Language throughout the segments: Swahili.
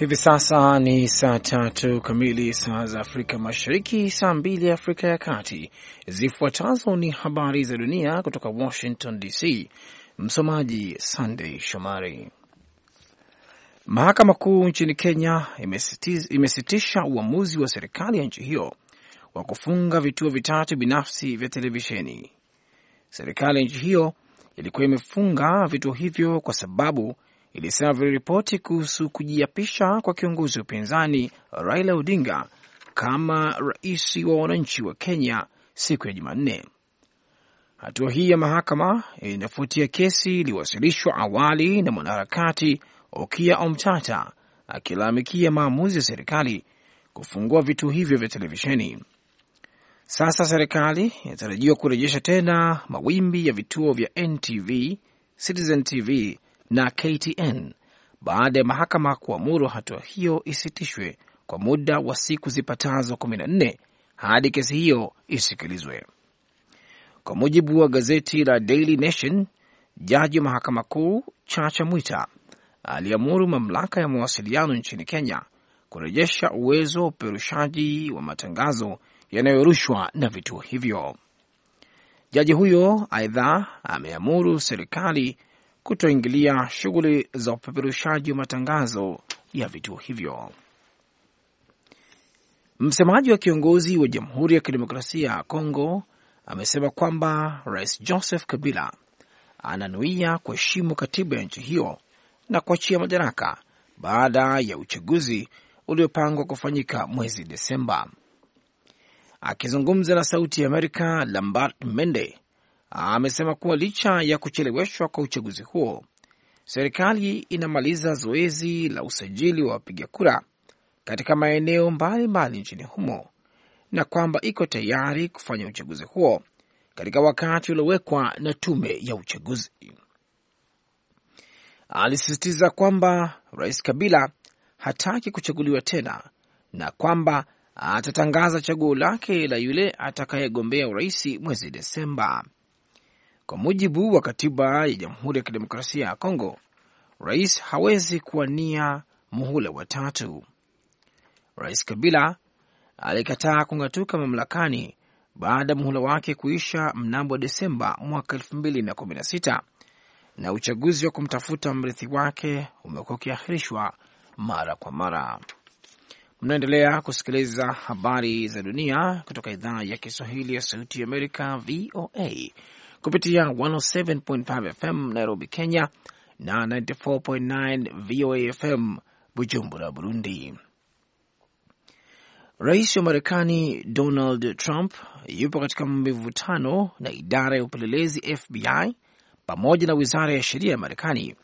Hivi sasa ni saa tatu kamili saa za Afrika Mashariki, saa mbili Afrika ya Kati. Zifuatazo ni habari za dunia kutoka Washington DC. Msomaji Sandey Shomari. Mahakama Kuu nchini Kenya imesitisha uamuzi wa serikali ya nchi hiyo wa kufunga vituo vitatu binafsi vya televisheni. Serikali ya nchi hiyo ilikuwa imefunga vituo hivyo kwa sababu ilisema viliripoti kuhusu kujiapisha kwa kiongozi wa upinzani Raila Odinga kama rais wa wananchi wa Kenya siku ya Jumanne. Hatua hii ya mahakama inafuatia kesi iliyowasilishwa awali na mwanaharakati Okia Omtata akilalamikia maamuzi ya serikali kufungua vituo hivyo vya televisheni. Sasa serikali inatarajiwa kurejesha tena mawimbi ya vituo vya NTV, Citizen TV na KTN baada ya mahakama kuamuru hatua hiyo isitishwe kwa muda wa siku zipatazo 14 hadi kesi hiyo isikilizwe. Kwa mujibu wa gazeti la Daily Nation, jaji wa mahakama kuu Chacha Mwita aliamuru mamlaka ya mawasiliano nchini Kenya kurejesha uwezo wa upeperushaji wa matangazo yanayorushwa na vituo hivyo. Jaji huyo aidha ameamuru serikali kutoingilia shughuli za upeperushaji wa matangazo ya vituo hivyo. Msemaji wa kiongozi wa Jamhuri ya Kidemokrasia ya Kongo amesema kwamba Rais Joseph Kabila ananuia kuheshimu katiba ya nchi hiyo na kuachia madaraka baada ya uchaguzi uliopangwa kufanyika mwezi Desemba. Akizungumza na Sauti ya Amerika, Lambert Mende amesema kuwa licha ya kucheleweshwa kwa uchaguzi huo, serikali inamaliza zoezi la usajili wa wapiga kura katika maeneo mbalimbali nchini humo na kwamba iko tayari kufanya uchaguzi huo katika wakati uliowekwa na tume ya uchaguzi. Alisisitiza kwamba Rais Kabila hataki kuchaguliwa tena na kwamba atatangaza chaguo lake la yule atakayegombea urais mwezi Desemba. Kwa mujibu wa katiba ya Jamhuri ya Kidemokrasia ya Kongo, rais hawezi kuwania muhula wa tatu. Rais Kabila alikataa kung'atuka mamlakani baada ya muhula wake kuisha mnamo Desemba mwaka 2016 na uchaguzi wa kumtafuta mrithi wake umekuwa ukiahirishwa mara kwa mara. Mnaendelea kusikiliza habari za dunia kutoka idhaa ya Kiswahili ya Sauti ya Amerika, VOA, kupitia 107.5 FM Nairobi, Kenya na 94.9 VOA FM Bujumbura, Burundi. Rais wa Marekani Donald Trump yupo katika mivutano na idara ya upelelezi FBI pamoja na wizara ya sheria ya Marekani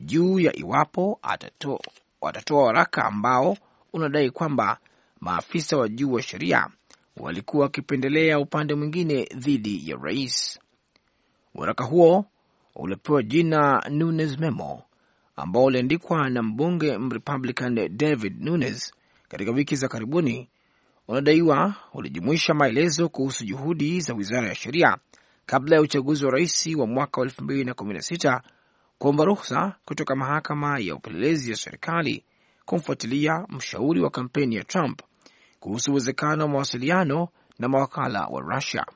juu ya iwapo watatoa waraka ambao unadai kwamba maafisa wa juu wa sheria walikuwa wakipendelea upande mwingine dhidi ya rais. Waraka huo ulipewa jina Nunes Memo, ambao uliandikwa na mbunge Mrepublican David Nunes katika wiki za karibuni, unadaiwa ulijumuisha maelezo kuhusu juhudi za wizara ya sheria kabla ya uchaguzi wa rais wa mwaka wa 2016 kuomba ruhusa kutoka mahakama ya upelelezi ya serikali kumfuatilia mshauri wa kampeni ya Trump kuhusu uwezekano wa mawasiliano na mawakala wa Rusia.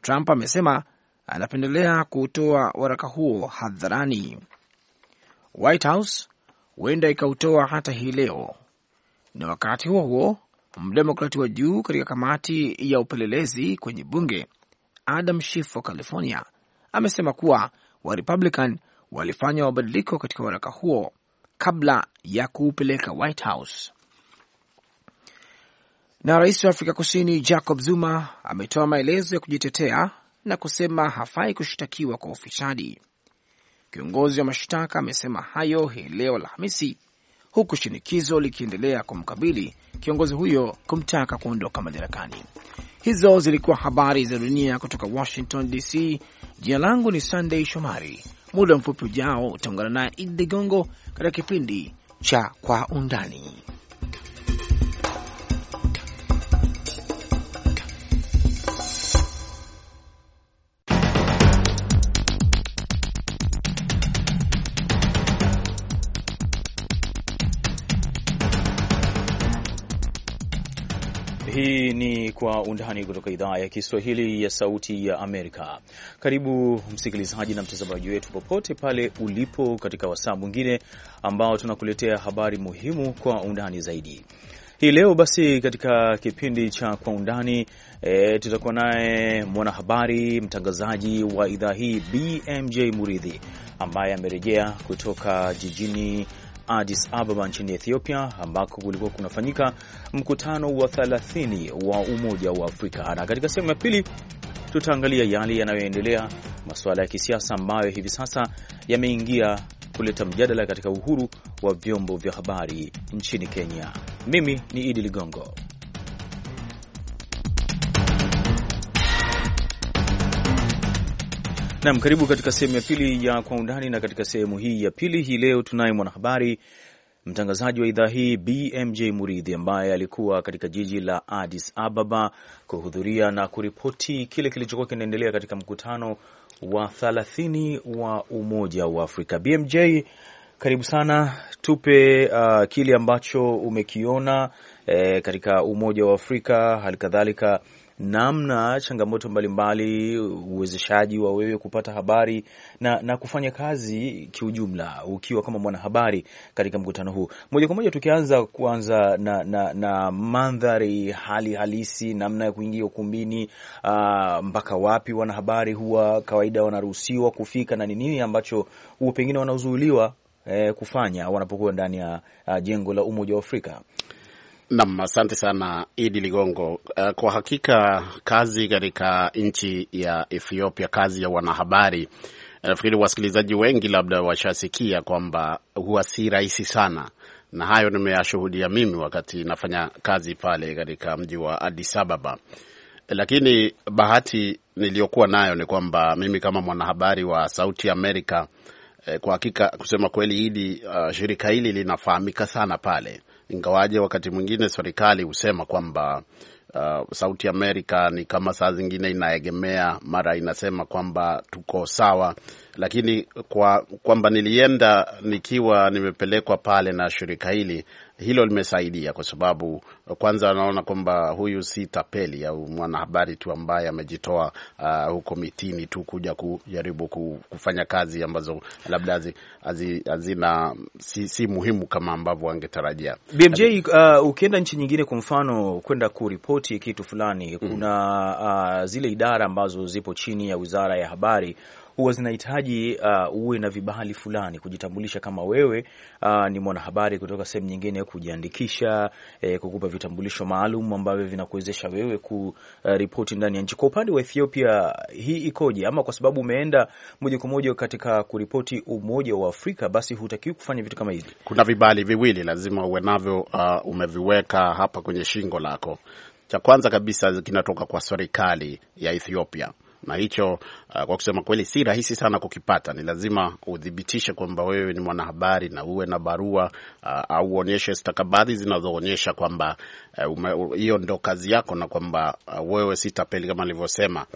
Trump amesema anapendelea kuutoa waraka huo hadharani. White House huenda ikautoa hata hii leo. Na wakati huo huo, mdemokrati wa juu katika kamati ya upelelezi kwenye bunge Adam Schiff wa California amesema kuwa Warepublican walifanya mabadiliko katika waraka huo kabla ya kuupeleka White House. Na rais wa Afrika Kusini Jacob Zuma ametoa maelezo ya kujitetea na kusema hafai kushtakiwa kwa ufisadi. Kiongozi wa mashtaka amesema hayo hii leo Alhamisi, huku shinikizo likiendelea kumkabili kiongozi huyo kumtaka kuondoka madarakani. Hizo zilikuwa habari za dunia kutoka Washington DC. Jina langu ni sandey Shomari. Muda mfupi ujao utaungana naye Idi Ligongo katika kipindi cha Kwa Undani. Hii ni Kwa Undani kutoka idhaa ya Kiswahili ya Sauti ya Amerika. Karibu msikilizaji na mtazamaji wetu popote pale ulipo, katika wasaa mwingine ambao tunakuletea habari muhimu kwa undani zaidi. Hii leo basi katika kipindi cha Kwa Undani e, tutakuwa naye mwanahabari mtangazaji wa idhaa hii BMJ Muridhi ambaye amerejea kutoka jijini Addis Ababa nchini Ethiopia, ambako kulikuwa kunafanyika mkutano wa 30 wa Umoja wa Afrika. Na katika sehemu ya pili tutaangalia yale yanayoendelea, masuala ya kisiasa ambayo hivi sasa yameingia kuleta mjadala katika uhuru wa vyombo vya habari nchini Kenya. Mimi ni Idi Ligongo. Naam, karibu katika sehemu ya pili ya kwa undani, na katika sehemu hii ya pili hii leo tunaye mwanahabari mtangazaji wa idhaa hii BMJ Muridhi ambaye alikuwa katika jiji la Addis Ababa kuhudhuria na kuripoti kile kilichokuwa kinaendelea katika mkutano wa thalathini wa Umoja wa Afrika. BMJ, karibu sana, tupe uh, kile ambacho umekiona eh, katika Umoja wa Afrika, hali kadhalika namna changamoto mbalimbali, uwezeshaji wa wewe kupata habari na, na kufanya kazi kiujumla ukiwa kama mwanahabari katika mkutano huu. Moja kwa moja tukianza kuanza na, na, na mandhari hali halisi, namna ya kuingia ukumbini, uh, mpaka wapi wanahabari huwa kawaida wanaruhusiwa kufika na ni nini ambacho pengine wanazuiliwa eh, kufanya wanapokuwa ndani ya uh, jengo la Umoja wa Afrika. Nam, asante sana Idi Ligongo. Eh, kwa hakika kazi katika nchi ya Ethiopia, kazi ya wanahabari, eh, nafikiri wasikilizaji wengi labda washasikia kwamba huwa si rahisi sana, na hayo nimeyashuhudia mimi wakati nafanya kazi pale katika mji wa Addis Ababa. Lakini bahati niliyokuwa nayo ni kwamba mimi kama mwanahabari wa Sauti Amerika, eh, kwa hakika kusema kweli, Idi, shirika hili linafahamika sana pale ingawaje wakati mwingine serikali husema kwamba uh, Sauti Amerika ni kama saa zingine inaegemea, mara inasema kwamba tuko sawa, lakini kwa kwamba nilienda nikiwa nimepelekwa pale na shirika hili hilo limesaidia kwa sababu kwanza wanaona kwamba huyu si tapeli au mwanahabari tu ambaye amejitoa uh, huko mitini tu kuja kujaribu kufanya kazi ambazo labda hazina si, si muhimu kama ambavyo wangetarajia. BMJ, uh, ah, ukienda nchi nyingine, kwa mfano kwenda kuripoti kitu fulani, mm. kuna uh, zile idara ambazo zipo chini ya wizara ya habari huwa zinahitaji uh, uwe na vibali fulani kujitambulisha kama wewe uh, ni mwanahabari kutoka sehemu nyingine, kujiandikisha eh, kukupa vitambulisho maalum ambavyo vinakuwezesha wewe kuripoti uh, ndani ya nchi. Kwa upande wa Ethiopia hii ikoje? Ama kwa sababu umeenda moja kwa moja katika kuripoti Umoja wa Afrika, basi hutakiwi kufanya vitu kama hivi? Kuna vibali viwili lazima uwe navyo, uh, umeviweka hapa kwenye shingo lako. Cha kwanza kabisa kinatoka kwa serikali ya Ethiopia na hicho uh, kwa kusema kweli si rahisi sana kukipata. Ni lazima uthibitishe kwamba wewe ni mwanahabari na uwe na barua uh, au uonyeshe stakabadhi zinazoonyesha kwamba uh, hiyo uh, ndo kazi yako na kwamba uh, wewe si tapeli kama nilivyosema.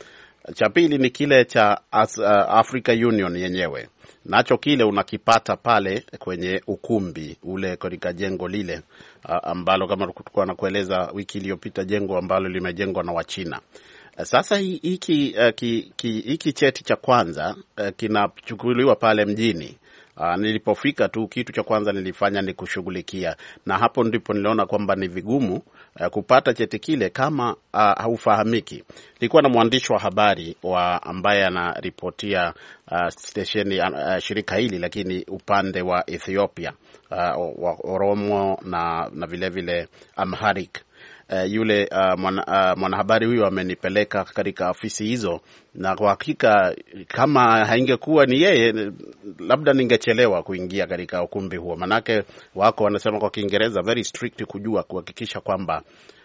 Cha pili ni kile cha uh, Africa Union yenyewe nacho kile unakipata pale kwenye ukumbi ule katika jengo lile uh, ambalo kama tulikuwa nakueleza wiki iliyopita, jengo ambalo limejengwa na Wachina. Sasa hiki eh, hiki cheti cha kwanza eh, kinachukuliwa pale mjini. Uh, nilipofika tu kitu cha kwanza nilifanya ni kushughulikia, na hapo ndipo niliona kwamba ni vigumu uh, kupata cheti kile kama uh, haufahamiki. Nilikuwa na mwandishi wa habari wa ambaye anaripotia uh, stesheni uh, shirika hili lakini upande wa Ethiopia uh, wa Oromo na, na vile vile Amharic eh, yule uh, mwanahabari uh, huyo amenipeleka katika ofisi hizo, na kwa hakika kama haingekuwa ni yeye, labda ningechelewa kuingia katika ukumbi huo, manake wako wanasema kwa Kiingereza very strict, kujua kuhakikisha kwamba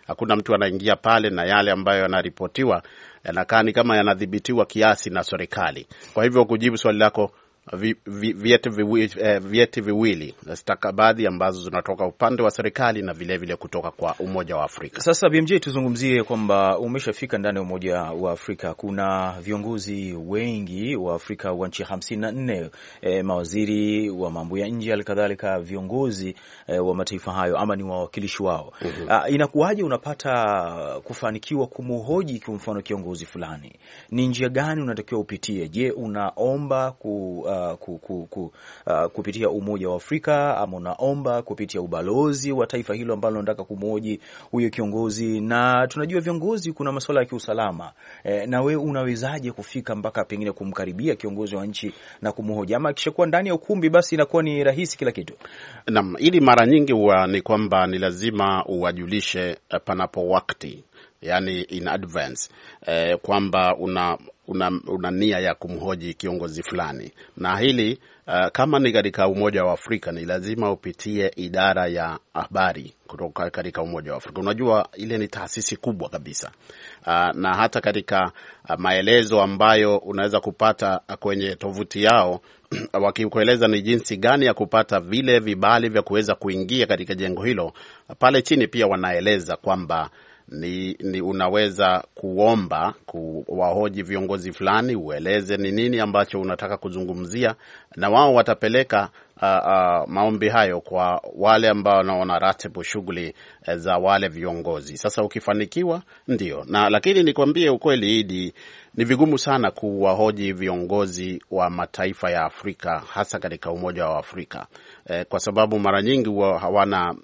hakuna mtu anaingia pale na yale ambayo yanaripotiwa yanakaa ni kama yanadhibitiwa kiasi na serikali. Kwa hivyo kujibu swali lako vi, vi, vyeti eh, viwili, eh, viwili stakabadhi ambazo zinatoka upande wa serikali na vilevile vile kutoka kwa Umoja wa Afrika. Sasa BMJ, tuzungumzie kwamba umeshafika ndani ya Umoja wa Afrika, kuna viongozi wengi wa Afrika wa nchi hamsini na nne eh, mawaziri wa mambo ya nje, halikadhalika viongozi eh, wa mataifa hayo ama ni wawakilishi wao. mm Ah, inakuwaje unapata kufanikiwa kumhoji kwa mfano kiongozi fulani? Ni njia gani unatakiwa upitie? Je, unaomba ku Uh, ku, ku, ku, uh, kupitia Umoja wa Afrika ama unaomba kupitia ubalozi wa taifa hilo ambalo nataka kumwoji huyo kiongozi, na tunajua viongozi, kuna masuala ya kiusalama e, na we unawezaje kufika mpaka pengine kumkaribia kiongozi wa nchi na kumhoja, ama akishakuwa ndani ya ukumbi, basi inakuwa ni rahisi kila kitu. Naam, ili mara nyingi huwa ni kwamba ni lazima uwajulishe eh, panapo wakati yani in advance eh, kwamba una, una, una nia ya kumhoji kiongozi fulani na hili uh, kama ni katika Umoja wa Afrika ni lazima upitie idara ya habari kutoka katika Umoja wa Afrika. Unajua ile ni taasisi kubwa kabisa uh, na hata katika uh, maelezo ambayo unaweza kupata kwenye tovuti yao wakikueleza ni jinsi gani ya kupata vile vibali vya kuweza kuingia katika jengo hilo, pale chini pia wanaeleza kwamba ni, ni unaweza kuomba kuwahoji viongozi fulani, ueleze ni nini ambacho unataka kuzungumzia, na wao watapeleka uh, uh, maombi hayo kwa wale ambao wanaona ratibu shughuli eh, za wale viongozi. Sasa ukifanikiwa ndio na, lakini nikwambie ukweli idi, ni vigumu sana kuwahoji viongozi wa mataifa ya Afrika hasa katika Umoja wa Afrika eh, kwa sababu mara nyingi huwa hawana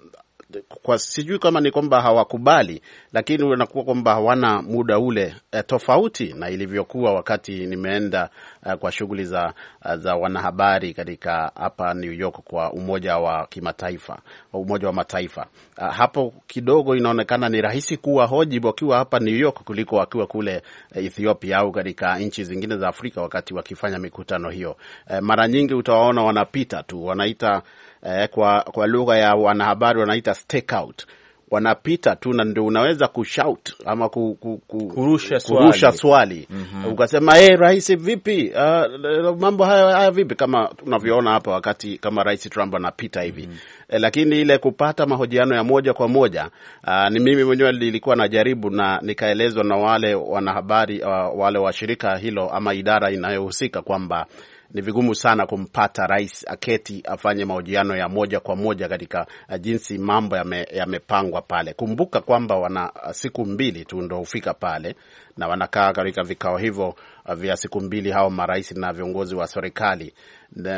kwa sijui kama ni kwamba hawakubali, lakini wanakuwa kwamba hawana muda ule e, tofauti na ilivyokuwa wakati nimeenda e, kwa shughuli za, eh, za wanahabari katika hapa New York kwa umoja wa kimataifa, umoja wa mataifa a, ah, hapo kidogo inaonekana ni rahisi kuwa hoji wakiwa hapa New York kuliko wakiwa kule Ethiopia au katika nchi zingine za Afrika wakati wakifanya mikutano hiyo. E, mara nyingi utawaona wanapita tu wanaita eh, kwa, kwa lugha ya wanahabari wanaita stakeout wanapita tu na ndio unaweza kushout ama ku, ku, ku, kurusha swali, kurusha swali. Mm -hmm. Ukasema hey, rais vipi? Uh, mambo haya haya vipi? Kama tunavyoona hapa wakati kama rais Trump anapita hivi mm -hmm. E, lakini ile kupata mahojiano ya moja kwa moja uh, ni mimi mwenyewe nilikuwa najaribu na nikaelezwa na wale wanahabari uh, wale wa shirika hilo ama idara inayohusika kwamba ni vigumu sana kumpata rais aketi afanye mahojiano ya moja kwa moja katika eh, jinsi mambo yamepangwa me, ya pale. Kumbuka kwamba wana eh, siku mbili tu ndo hufika pale na wanakaa katika vikao hivyo eh, vya siku mbili, hao marais na viongozi wa serikali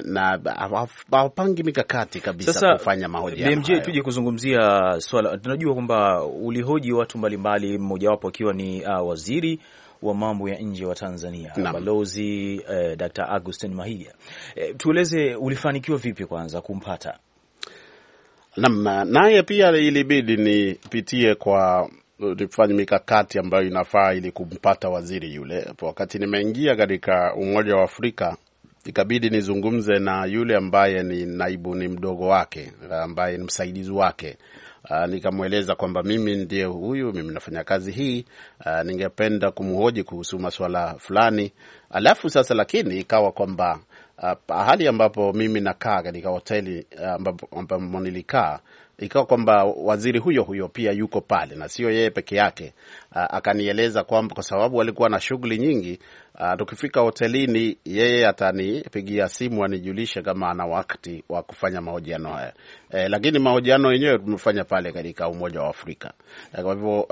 na hawapangi mikakati kabisa sasa kufanya mahojiano. BMJ, tuje kuzungumzia swala, tunajua kwamba ulihoji watu mbalimbali, mmojawapo akiwa ni uh, waziri wa mambo ya nje wa Tanzania na balozi eh, Dr. Augustine Mahiga. Eh, tueleze ulifanikiwa vipi kwanza kumpata? Naam, naye pia ilibidi nipitie kwa nifanye mikakati ambayo inafaa ili kumpata waziri yule. Wakati nimeingia katika Umoja wa Afrika ikabidi nizungumze na yule ambaye ni naibu, ni mdogo wake ambaye ni msaidizi wake Ah, nikamweleza kwamba mimi ndiye huyu, mimi nafanya kazi hii ah, ningependa kumhoji kuhusu masuala fulani, alafu sasa, lakini ikawa kwamba ah, hali ambapo mimi nakaa katika hoteli ambapo nilikaa ikawa kwamba waziri huyo huyo pia yuko pale na sio yeye peke yake. Akanieleza kwamba kwa sababu alikuwa na shughuli nyingi, tukifika hotelini yeye atanipigia simu anijulishe kama ana wakati wa kufanya mahojiano haya. E, lakini mahojiano yenyewe tumefanya pale katika Umoja wa Afrika. E, kwa hivyo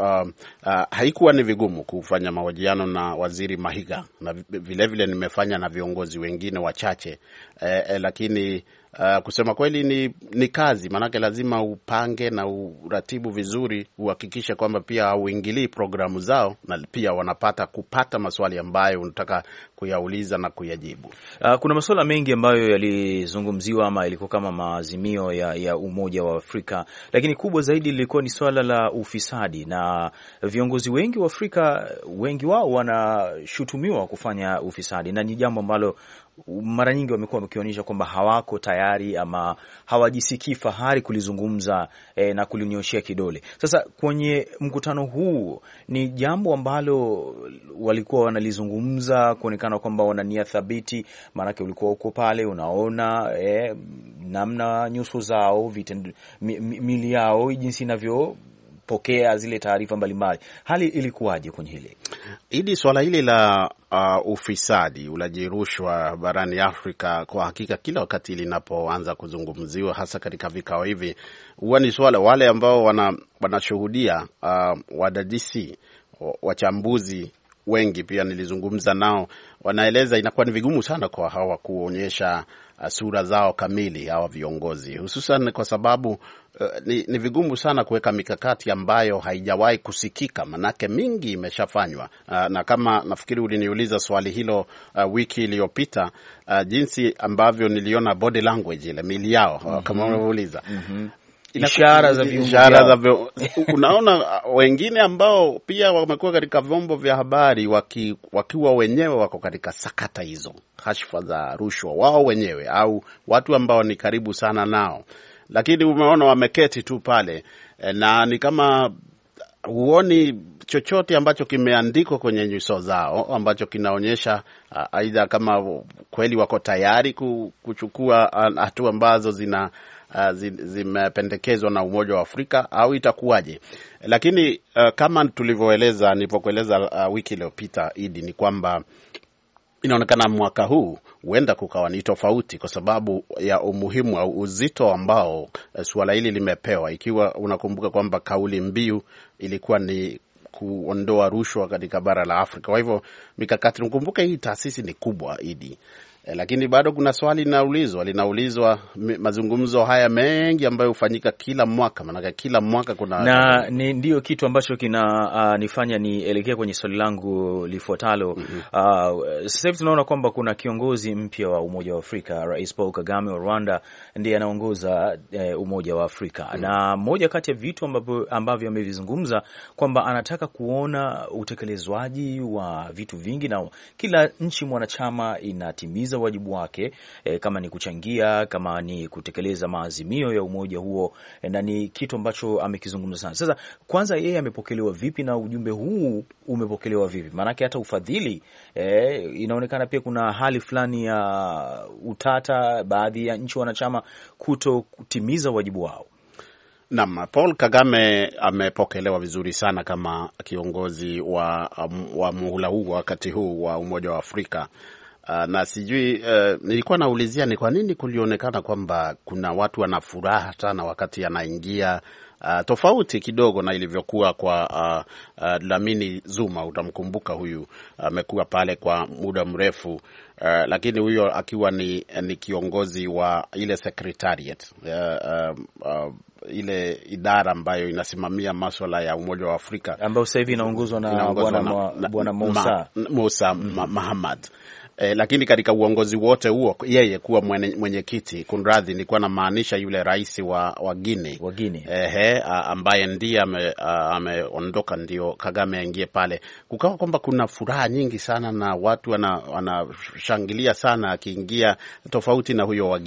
haikuwa ni vigumu kufanya mahojiano na waziri Mahiga na vilevile vile nimefanya na viongozi wengine wachache e, e, lakini Uh, kusema kweli ni, ni kazi maanake, lazima upange na uratibu vizuri, uhakikishe kwamba pia hauingilii programu zao, na pia wanapata kupata maswali ambayo unataka kuyauliza na kuyajibu. Uh, kuna masuala mengi ambayo yalizungumziwa ama yalikuwa kama maazimio ya, ya Umoja wa Afrika, lakini kubwa zaidi lilikuwa ni swala la ufisadi, na viongozi wengi wa Afrika wengi wao wanashutumiwa kufanya ufisadi na ni jambo ambalo mara nyingi wamekuwa wakionyesha kwamba hawako tayari ama hawajisikii fahari kulizungumza e, na kulinyoshea kidole. Sasa kwenye mkutano huu ni jambo ambalo walikuwa wanalizungumza kuonekana kwamba wana nia thabiti, maanake ulikuwa uko pale unaona e, namna nyuso zao, mili yao jinsi inavyo kupokea zile taarifa mbalimbali. Hali ilikuwaje kwenye hili hili swala hili la uh, ufisadi, ulaji rushwa barani Afrika? Kwa hakika kila wakati linapoanza kuzungumziwa, hasa katika vikao hivi, huwa ni swala wale ambao wana, wanashuhudia uh, wadadisi, wachambuzi wengi pia nilizungumza nao, wanaeleza inakuwa ni vigumu sana kwa hawa kuonyesha Uh, sura zao kamili hawa viongozi, hususan kwa sababu uh, ni, ni vigumu sana kuweka mikakati ambayo haijawahi kusikika, manake mingi imeshafanywa. Uh, na kama nafikiri uliniuliza swali hilo uh, wiki iliyopita uh, jinsi ambavyo niliona body language ile mili yao mm -hmm. kama mhm. unavyouliza mm ishara za viungo ishara za viungo. Unaona, uh, wengine ambao pia wamekuwa katika vyombo vya habari waki, wakiwa wenyewe wako katika sakata hizo, hashfa za rushwa, wao wenyewe au watu ambao ni karibu sana nao, lakini umeona wameketi tu pale eh, na ni kama huoni chochote ambacho kimeandikwa kwenye nyuso zao ambacho kinaonyesha uh, aidha kama kweli wako tayari kuchukua uh, hatua ambazo zina uh, zimependekezwa na Umoja wa Afrika au itakuwaje? Lakini uh, kama tulivyoeleza, nilivyokueleza uh, wiki iliyopita Idi, ni kwamba inaonekana mwaka huu huenda kukawa ni tofauti kwa sababu ya umuhimu au uzito ambao uh, suala hili limepewa, ikiwa unakumbuka kwamba kauli mbiu ilikuwa ni kuondoa rushwa katika bara la Afrika. Kwa hivyo mikakati, mkumbuke hii taasisi ni kubwa Idi, E, lakini bado kuna swali linaulizwa linaulizwa mazungumzo haya mengi ambayo hufanyika kila mwaka, maanake kila mwaka kuna na ni, ndiyo kitu ambacho kina uh, nifanya nielekea kwenye swali langu lifuatalo. mm -hmm. Uh, sasa hivi tunaona kwamba kuna kiongozi mpya wa Umoja wa Afrika, Rais Paul Kagame wa Rwanda ndiye anaongoza uh, Umoja wa Afrika. mm -hmm. Na moja kati ya vitu ambavyo, ambavyo amevizungumza kwamba anataka kuona utekelezwaji wa vitu vingi na kila nchi mwanachama inatimiza kutimiza wajibu wake e, kama ni kuchangia, kama ni kutekeleza maazimio ya umoja huo e, na ni kitu ambacho amekizungumza sana. Sasa kwanza, yeye amepokelewa vipi na ujumbe huu umepokelewa vipi? Maanake hata ufadhili e, inaonekana pia kuna hali fulani ya utata, baadhi ya nchi wanachama kuto kutimiza wajibu wao. Naam, Paul Kagame amepokelewa vizuri sana kama kiongozi wa, wa muhula huu wakati huu wa Umoja wa Afrika Ah, na sijui uh, nilikuwa naulizia ni kwa nini kulionekana kwamba kuna watu wana furaha sana wakati anaingia, uh, tofauti kidogo na ilivyokuwa kwa uh, uh, Dlamini Zuma. Utamkumbuka huyu amekuwa uh, pale kwa muda mrefu uh, lakini huyo akiwa ni, ni kiongozi wa ile secretariat uh, uh, uh, ile idara ambayo inasimamia maswala ya Umoja wa Afrika ambayo sasa hivi inaongozwa na Bwana Musa Muhammad eh, lakini katika uongozi wote huo yeye kuwa mwenyekiti, kunradhi, nilikuwa namaanisha yule rais wa, wa wa ehe, ambaye ndiye ameondoka, ndio Kagame aingie pale, kukawa kwamba kuna furaha nyingi sana na watu wanashangilia wana sana akiingia, tofauti na huyo wa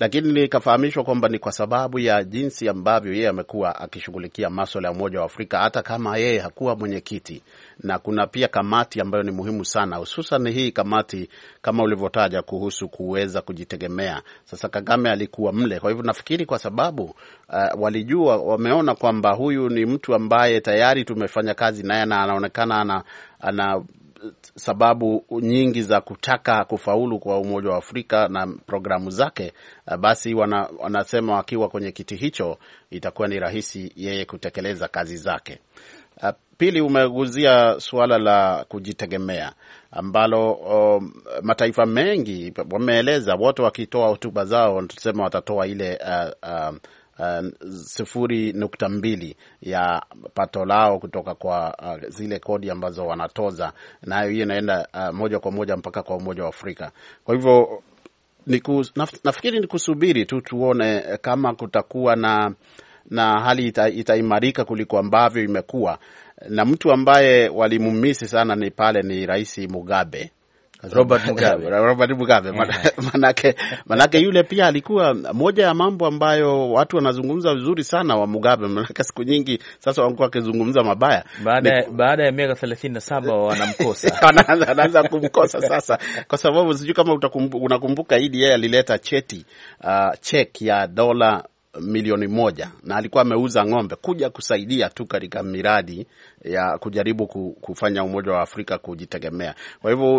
lakini nikafahamishwa kwamba ni kwa sababu ya jinsi ambavyo yeye amekuwa akishughulikia maswala ya Umoja wa Afrika hata kama yeye hakuwa mwenyekiti na kuna pia kamati ambayo ni muhimu sana, hususan hii kamati kama ulivyotaja kuhusu kuweza kujitegemea. Sasa Kagame alikuwa mle, kwa hivyo nafikiri kwa sababu uh, walijua, wameona kwamba huyu ni mtu ambaye tayari tumefanya kazi naye na anaonekana ana, ana sababu nyingi za kutaka kufaulu kwa Umoja wa Afrika na programu zake, uh, basi wana, wanasema wakiwa kwenye kiti hicho itakuwa ni rahisi yeye kutekeleza kazi zake. Uh, Pili, umeguzia suala la kujitegemea ambalo o, um, mataifa mengi wameeleza, wote wakitoa hotuba zao tusema watatoa ile uh, uh, Uh, sifuri nukta mbili ya pato lao kutoka kwa uh, zile kodi ambazo wanatoza, nayo hiyo inaenda uh, moja kwa moja mpaka kwa Umoja wa Afrika. Kwa hivyo niku, naf, nafikiri ni kusubiri tu tuone kama kutakuwa na na hali ita, itaimarika kuliko ambavyo imekuwa na mtu ambaye walimumisi sana ni pale ni Rais Mugabe Robert Mugabe, Robert Mugabe. Manake, manake yule pia alikuwa moja ya mambo ambayo watu wanazungumza vizuri sana wa Mugabe, manake siku nyingi sasa wamekuwa wakizungumza mabaya baada, Ni... baada ya miaka thelathini na saba wanamkosa wanaanza kumkosa sasa, kwa sababu sijui kama unakumbuka, Idi yeye alileta cheti uh, cheki ya dola milioni moja na alikuwa ameuza ng'ombe kuja kusaidia tu katika miradi ya kujaribu kufanya Umoja wa Afrika kujitegemea. Kwa hivyo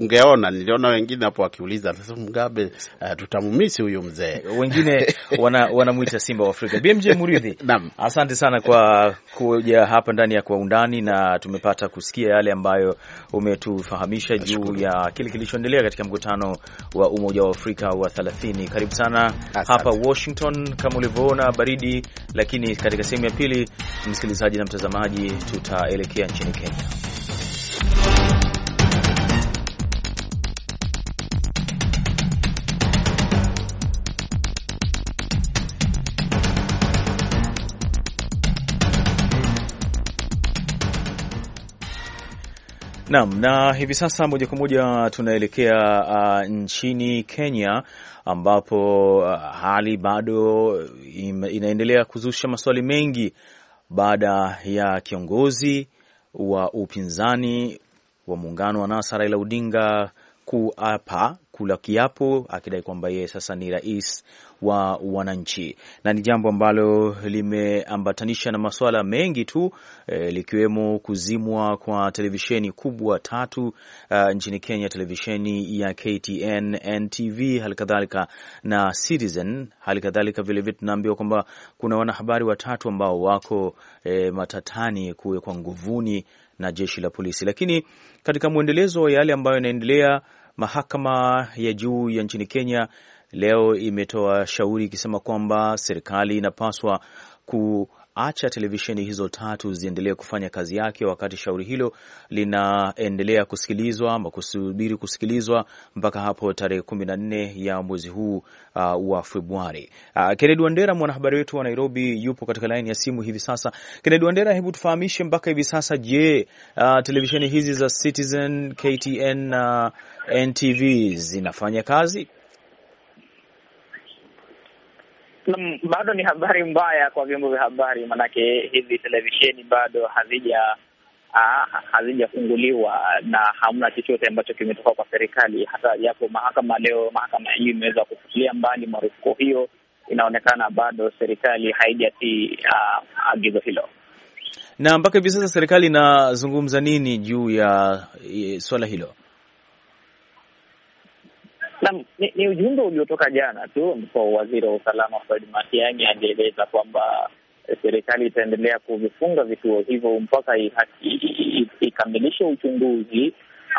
ungeona, niliona wengine hapo wakiuliza sasa, Mugabe uh, eh, tutamumisi huyu mzee wengine wanamwita wana simba wa Afrika. BMJ Muridhi, asante sana kwa kuja hapa ndani ya Kwa Undani, na tumepata kusikia yale ambayo umetufahamisha juu ya kile kilichoendelea katika mkutano wa Umoja wa Afrika wa 30. Karibu sana asante. Hapa Washington kama ulivyoona baridi, lakini katika sehemu ya pili, msikilizaji na mtazamaji tu tutaelekea nchini Kenya. Naam, na hivi sasa moja kwa moja tunaelekea uh, nchini Kenya ambapo uh, hali bado inaendelea kuzusha maswali mengi baada ya kiongozi wa upinzani wa muungano wa NASA Raila Odinga kuapa kula kiapo akidai kwamba yeye sasa ni rais wa wananchi, na ni jambo ambalo limeambatanisha na masuala mengi tu e, likiwemo kuzimwa kwa televisheni kubwa tatu uh, nchini Kenya, televisheni ya KTN, NTV, halikadhalika na Citizen. Halikadhalika vilevile tunaambiwa kwamba kuna wanahabari watatu ambao wako e, matatani kuwekwa nguvuni na jeshi la polisi. Lakini katika mwendelezo wa yale ambayo yanaendelea, mahakama ya juu ya nchini Kenya leo imetoa shauri ikisema kwamba serikali inapaswa ku acha televisheni hizo tatu ziendelee kufanya kazi yake wakati shauri hilo linaendelea kusikilizwa ama kusubiri kusikilizwa mpaka hapo tarehe kumi na nne ya mwezi huu uh, wa Februari. Uh, Kennedy Wandera mwanahabari wetu wa Nairobi yupo katika laini ya simu hivi sasa. Kennedy Wandera, hebu tufahamishe mpaka hivi sasa, je, uh, televisheni hizi za Citizen, KTN na uh, NTV zinafanya kazi? bado ni habari mbaya kwa vyombo vya habari, maanake hizi televisheni bado hazija ah, hazijafunguliwa na hamna chochote ambacho kimetoka kwa serikali, hata yapo mahakama leo, mahakama hii imeweza kufutilia mbali marufuku hiyo. Inaonekana bado serikali haijatii ah, agizo hilo. Na mpaka hivi sasa serikali inazungumza nini juu ya eh, swala hilo? Naam, ni, ni ujumbe uliotoka jana tu ambapo waziri wa usalama Fred Matiang'i alieleza kwamba eh, serikali itaendelea kuvifunga vituo hivyo mpaka ikamilishe uchunguzi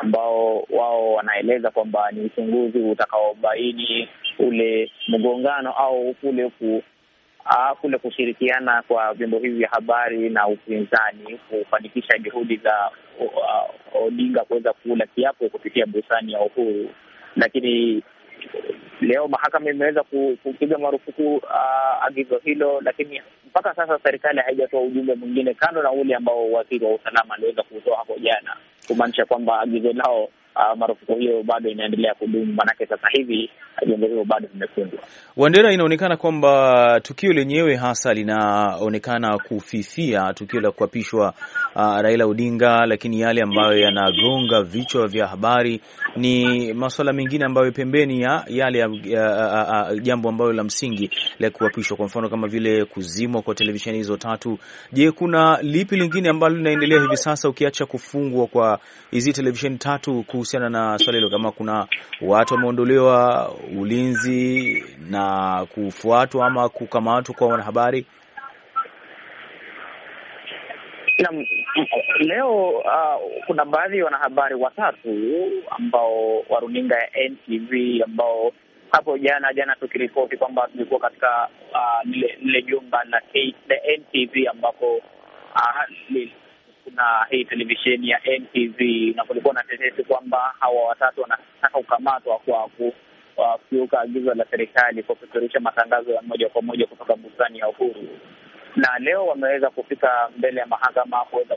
ambao wao wanaeleza kwamba ni uchunguzi utakaobaini ule mgongano au kule ku kule kushirikiana kwa vyombo hivi vya habari na upinzani kufanikisha juhudi za Odinga kuweza kula kiapo kupitia bustani ya Uhuru lakini eh, leo mahakama imeweza kupiga marufuku uh, agizo hilo, lakini mpaka sasa serikali haijatoa ujumbe mwingine kando na ule ambao waziri wa usalama aliweza kutoa hapo jana, kumaanisha kwamba agizo lao Uh, marufuku hiyo bado inaendelea kudumu, maanake sasa hivi vyombo hivyo bado vimefungwa. Wandera, inaonekana kwamba tukio lenyewe hasa linaonekana kufifia, tukio la kuapishwa uh, Raila Odinga, lakini yale ambayo yanagonga vichwa vya habari ni masuala mengine ambayo pembeni ya yale ya, ya, ya, ya, jambo ambayo la msingi la kuapishwa, kwa mfano kama vile kuzimwa kwa televisheni hizo tatu. Je, kuna lipi lingine ambalo linaendelea hivi sasa ukiacha kufungwa kwa hizi televisheni tatu kuhusiana na swala hilo? Kama kuna watu wameondolewa ulinzi na kufuatwa ama kukamatwa kwa wanahabari? Na leo uh, kuna baadhi ya wanahabari watatu ambao wa runinga ya NTV ambao hapo jana jana tukiripoti kwamba tulikuwa katika uh, lile uh, jumba la NTV ambapo uh, kuna hii televisheni ya NTV na kulikuwa na tetesi kwamba hawa watatu wanataka kukamatwa kwa uh, kukiuka agizo la serikali kwa kupeperusha matangazo ya moja kwa moja kutoka bustani ya Uhuru na leo wameweza kufika mbele ya mahakama kuweza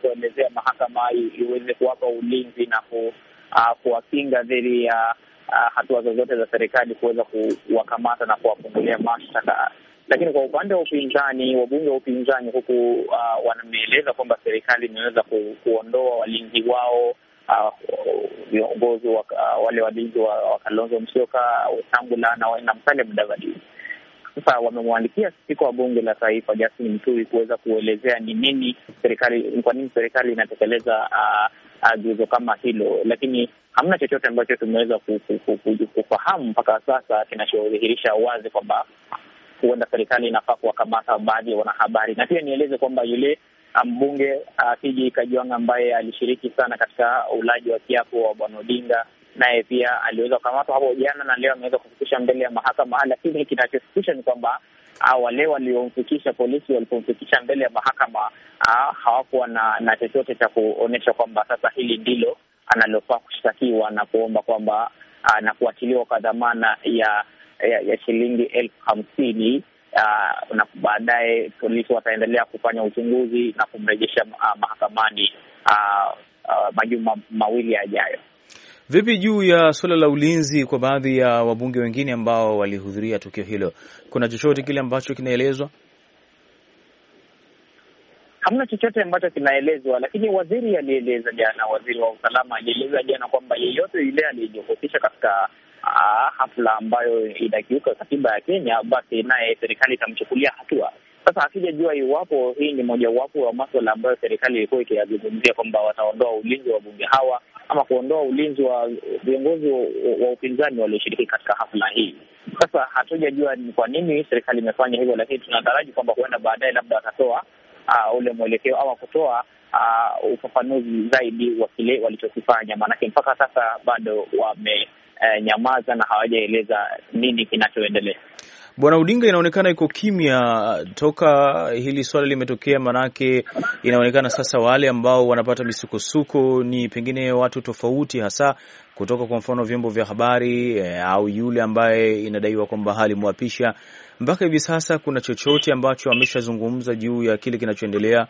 kuelezea mahakama iweze kuwapa ulinzi na ku, uh, kuwakinga dhidi ya uh, hatua zozote za serikali kuweza kuwakamata na kuwafungulia mashtaka. Lakini kwa upande wa upinzani, wabunge wa upinzani huku uh, wameeleza kwamba serikali imeweza ku, kuondoa walinzi wao viongozi uh, wale walinzi wa, wa Kalonzo Musyoka, Wetangula na Musalia Mudavadi sasa wamemwandikia spika wa bunge la taifa Justin Mturi kuweza kuelezea ni nini serikali, kwa nini serikali inatekeleza agizo kama hilo, lakini hamna chochote ambacho tumeweza kufahamu mpaka sasa kinachodhihirisha wazi kwamba huenda serikali inafaa kuwakamata baadhi ya wanahabari. Na pia nieleze kwamba yule mbunge kiji Kajwang' ambaye alishiriki sana katika ulaji wa kiapo wa bwana Odinga naye pia aliweza kukamatwa hapo jana na leo ameweza kufikisha mbele ya mahakama, lakini kinachofikisha ni kwamba ah, wale waliomfikisha polisi walipomfikisha mbele ya mahakama ah, hawakuwa na, na chochote cha kuonyesha kwamba sasa hili ndilo analofaa kushtakiwa na kuomba kwamba ah, na kuachiliwa kwa dhamana ya, ya, ya shilingi elfu hamsini. Uh, na baadaye polisi wataendelea kufanya uchunguzi na kumrejesha uh, mahakamani uh, uh, majuma mawili yajayo. Vipi juu ya suala la ulinzi kwa baadhi ya wabunge wengine ambao walihudhuria tukio hilo, kuna chochote kile ambacho kinaelezwa? Hamna chochote ambacho kinaelezwa, lakini waziri alieleza jana, waziri wa usalama alieleza jana kwamba yeyote yule aliyejihusisha katika aa, ah, hafla ambayo inakiuka katiba ya Kenya, basi naye serikali itamchukulia hatua. Sasa hakijajua iwapo hii ni mojawapo wa maswala ambayo serikali ilikuwa ikiyazungumzia kwamba wataondoa ulinzi wa bunge hawa ama kuondoa ulinzi wa viongozi wa upinzani walioshiriki katika hafla hii. Sasa hatujajua ni kwa nini serikali imefanya hivyo, lakini tunataraji kwamba huenda baadaye labda watatoa uh, ule mwelekeo ama kutoa uh, ufafanuzi zaidi wa kile walichokifanya, maanake mpaka sasa bado wamenyamaza eh, uh, na hawajaeleza nini kinachoendelea. Bwana Odinga inaonekana iko kimya toka hili swala limetokea, manake inaonekana sasa wale ambao wanapata misukosuko ni pengine watu tofauti, hasa kutoka kwa mfano vyombo vya habari eh, au yule ambaye inadaiwa kwamba halimwapisha. Mpaka hivi sasa kuna chochote ambacho ameshazungumza juu ya kile kinachoendelea?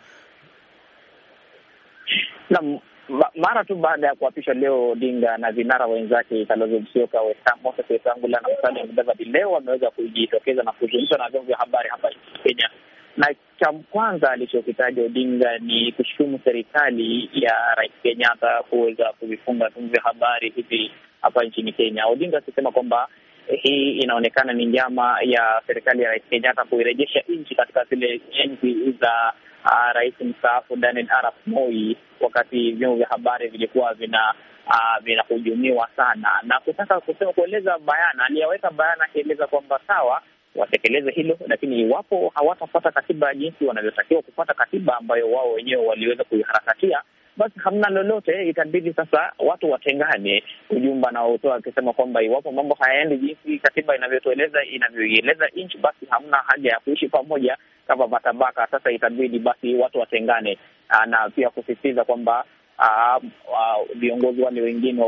Naam, mara tu baada ya kuapishwa leo Odinga na vinara wenzake Kalonzo Musyoka, Moses Wetangula na Musalia Mudavadi leo wameweza kujitokeza na kuzungumza na vyombo vya habari hapa nchini Kenya, na cha kwanza alichokitaja Odinga ni kushutumu serikali ya Rais Kenyatta kuweza kuvifunga vyombo vya habari hivi hapa nchini Kenya, Odinga akisema kwamba eh, hii inaonekana ni njama ya serikali ya Rais Kenyatta kuirejesha nchi katika zile enzi za uh, rais mstaafu Daniel Arap Moi, wakati vyombo vya habari vilikuwa vina uh, vinahujumiwa sana na kutaka kusema kueleza bayana, aliyaweka bayana akieleza kwamba sawa watekeleze hilo, lakini iwapo hawatapata katiba jinsi wanavyotakiwa kupata katiba ambayo wao wenyewe waliweza kuiharakatia basi hamna lolote, itabidi sasa watu watengane. na anaotoa akisema kwamba iwapo mambo hayaendi jinsi katiba inavyotueleza inavyoieleza nchi, basi hamna haja ya kuishi pamoja kama matabaka. Sasa itabidi basi watu watengane, ah, na pia kusisitiza kwamba ah, ah, viongozi wale wengine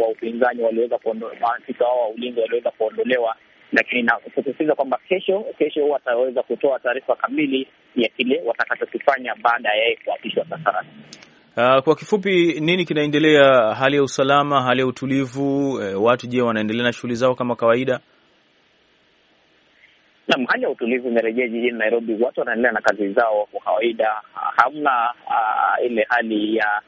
wa upinzani waliweza maafisa wao wa ulinzi waliweza kuondolewa lakini na kusisitiza kwamba kesho kesho wataweza kutoa taarifa kamili ya kile watakachokifanya baada ya yeye kuapishwa sasa rasmi. Uh, kwa kifupi nini kinaendelea? Hali ya usalama, hali ya utulivu, eh, watu je, wanaendelea na shughuli zao kama kawaida? Naam, hali ya utulivu imerejea jijini Nairobi, watu wanaendelea na kazi zao kwa kawaida. Hamna uh, ile hali ya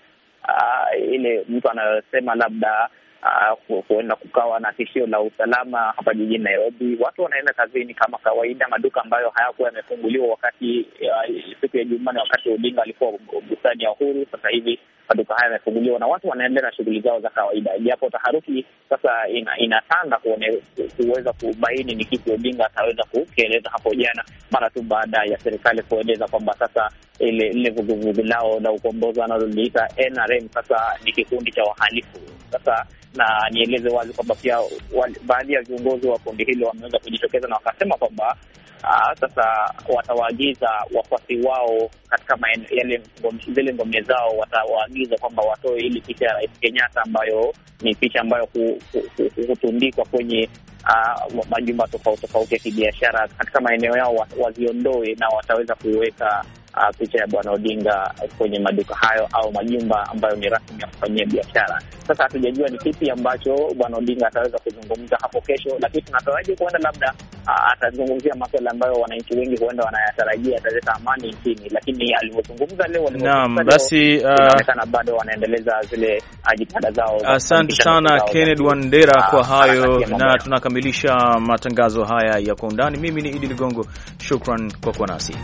uh, ile mtu anasema labda uh, kuenda kukawa na tishio la usalama hapa jijini Nairobi. Watu wanaenda kazini kama kawaida, maduka ambayo hayakuwa yamefunguliwa wakati ah, siku ya Jumanne wakati Odinga alikuwa bustani ya Uhuru, sasa hivi maduka haya yamefunguliwa na watu wanaendelea na shughuli zao za kawaida, japo taharuki sasa inatanda ina kuweza kubaini ni kipi Odinga ataweza kukieleza hapo jana, mara tu baada ya serikali kueleza kwamba sasa ile lile vuguvugu lao la ukombozi wanaloliita NRM sasa ni kikundi cha wahalifu sasa na nieleze wazi kwamba pia baadhi ya viongozi wa kundi hilo wameweza kujitokeza na wakasema kwamba ah, sasa watawaagiza wafuasi wao katika zile ngome zao, watawaagiza kuagiza kwamba watoe ili picha ya Rais Kenyatta ambayo ni picha ambayo hutundikwa kwenye uh, majumba tofauti tofauti ya kibiashara katika maeneo yao, waziondoe na wataweza kuweka uh, picha ya Bwana Odinga kwenye maduka hayo au majumba ambayo ni rasmi ya kufanyia biashara. Sasa hatujajua ni kipi ambacho Bwana Odinga ataweza kuzungumza hapo kesho, lakini tunataraji kuenda labda uh, atazungumzia maswala ambayo wananchi wengi huenda wanayatarajia ataleta amani nchini, lakini alivyozungumza leo naam, basi ah, inaonekana uh, bado wanaendeleza zile jitihada zao. Asante sana Kenneth Wandera kwa hayo, na tunakamilisha matangazo haya ya kwa undani. Mimi ni Idi Ligongo, shukran kwa kuwa nasi.